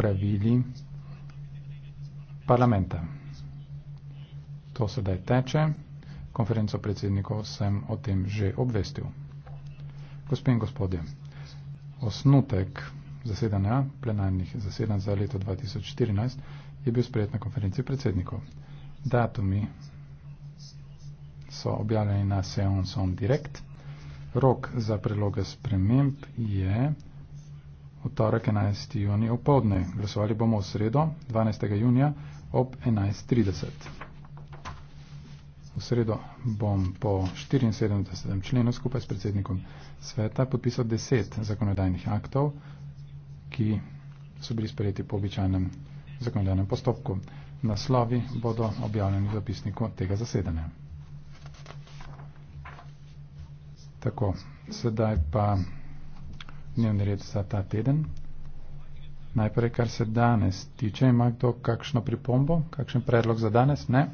pravili parlamenta. To sedaj teče. Konferenco predsednikov sem o tem že obvestil. Gospod in gospodje, osnutek zasedanja plenarnih zasedanj za leto 2014 je bil sprejet na konferenci predsednikov. Datumi so objavljeni na Seonson Direct. Rok za predloge sprememb je vtorek 11. juni opovdne. Glasovali bomo v sredo 12. junija ob 11.30. V sredo bom po 74. členu skupaj s predsednikom sveta podpisal 10 zakonodajnih aktov, ki so bili sprejeti po običajnem zakonodajnem postopku. Naslovi bodo objavljeni v zapisniku tega zasedanja. Tako, sedaj pa dnevni red za ta teden. Najprej, kar se danes tiče, ima kdo kakšno pripombo, kakšen predlog za danes? Ne.